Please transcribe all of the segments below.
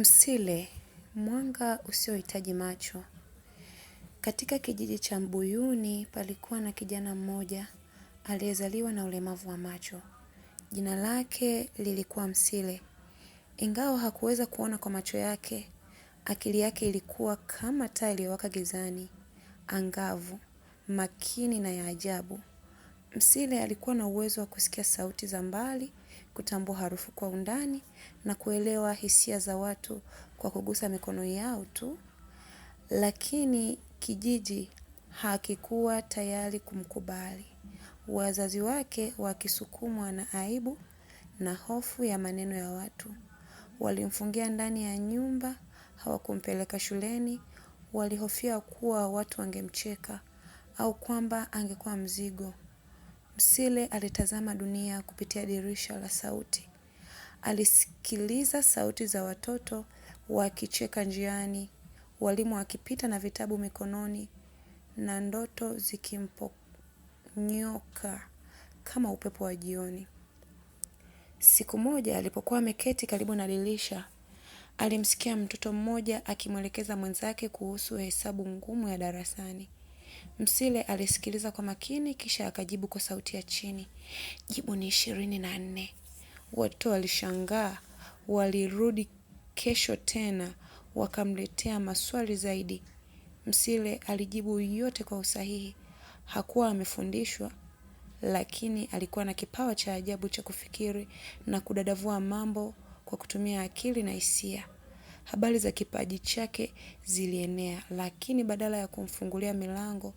Msile, mwanga usiohitaji macho. Katika kijiji cha Mbuyuni palikuwa na kijana mmoja aliyezaliwa na ulemavu wa macho. Jina lake lilikuwa Msile. Ingawa hakuweza kuona kwa macho yake, akili yake ilikuwa kama taa iliyowaka gizani, angavu, makini na ya ajabu. Msile alikuwa na uwezo wa kusikia sauti za mbali kutambua harufu kwa undani na kuelewa hisia za watu kwa kugusa mikono yao tu. Lakini kijiji hakikuwa tayari kumkubali. Wazazi wake wakisukumwa na aibu na hofu ya maneno ya watu. Walimfungia ndani ya nyumba, hawakumpeleka shuleni, walihofia kuwa watu wangemcheka au kwamba angekuwa mzigo. Msile alitazama dunia kupitia dirisha la sauti. Alisikiliza sauti za watoto wakicheka njiani, walimu wakipita na vitabu mikononi, na ndoto zikimponyoka kama upepo wa jioni. Siku moja alipokuwa ameketi karibu na dirisha, alimsikia mtoto mmoja akimwelekeza mwenzake kuhusu hesabu ngumu ya darasani. Msile alisikiliza kwa makini kisha akajibu kwa sauti ya chini. Jibu ni ishirini na nne. Wote walishangaa, walirudi kesho tena, wakamletea maswali zaidi. Msile alijibu yote kwa usahihi. Hakuwa amefundishwa, lakini alikuwa na kipawa cha ajabu cha kufikiri na kudadavua mambo kwa kutumia akili na hisia habari za kipaji chake zilienea, lakini badala ya kumfungulia milango,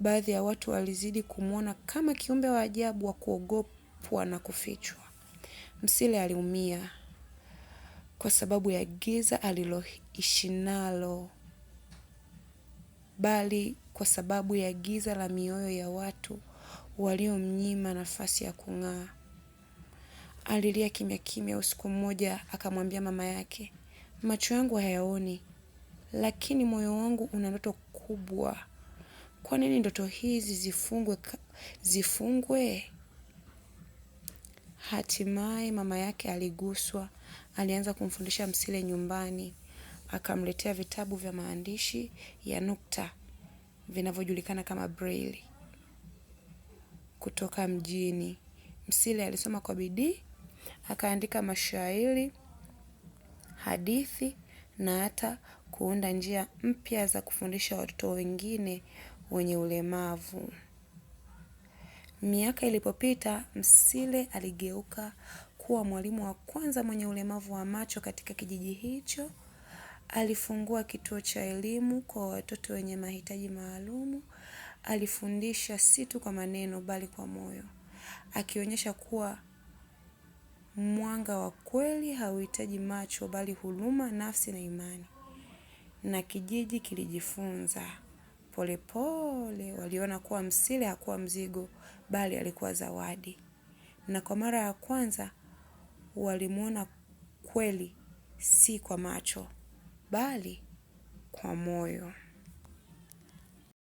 baadhi ya watu walizidi kumwona kama kiumbe wa ajabu wa kuogopwa na kufichwa. Msile aliumia kwa sababu ya giza aliloishi nalo, bali kwa sababu ya giza la mioyo ya watu waliomnyima nafasi ya kung'aa. Alilia kimya kimya. Usiku mmoja akamwambia mama yake, Macho yangu hayaoni, lakini moyo wangu una ndoto kubwa. Kwa nini ndoto hizi zifungwe? Zifungwe? Hatimaye mama yake aliguswa, alianza kumfundisha Msile nyumbani. Akamletea vitabu vya maandishi ya nukta, vinavyojulikana kama braille. Kutoka mjini. Msile alisoma kwa bidii, akaandika mashairi, hadithi na hata kuunda njia mpya za kufundisha watoto wengine wenye ulemavu. Miaka ilipopita, Msile aligeuka kuwa mwalimu wa kwanza mwenye ulemavu wa macho katika kijiji hicho. Alifungua kituo cha elimu kwa watoto wenye mahitaji maalumu. Alifundisha si tu kwa maneno bali kwa moyo. Akionyesha kuwa Mwanga wa kweli hauhitaji macho bali huluma nafsi na imani. Na kijiji kilijifunza. polepole waliona kuwa msile hakuwa mzigo bali alikuwa zawadi. Na kwa mara ya kwanza walimwona kweli si kwa macho bali kwa moyo.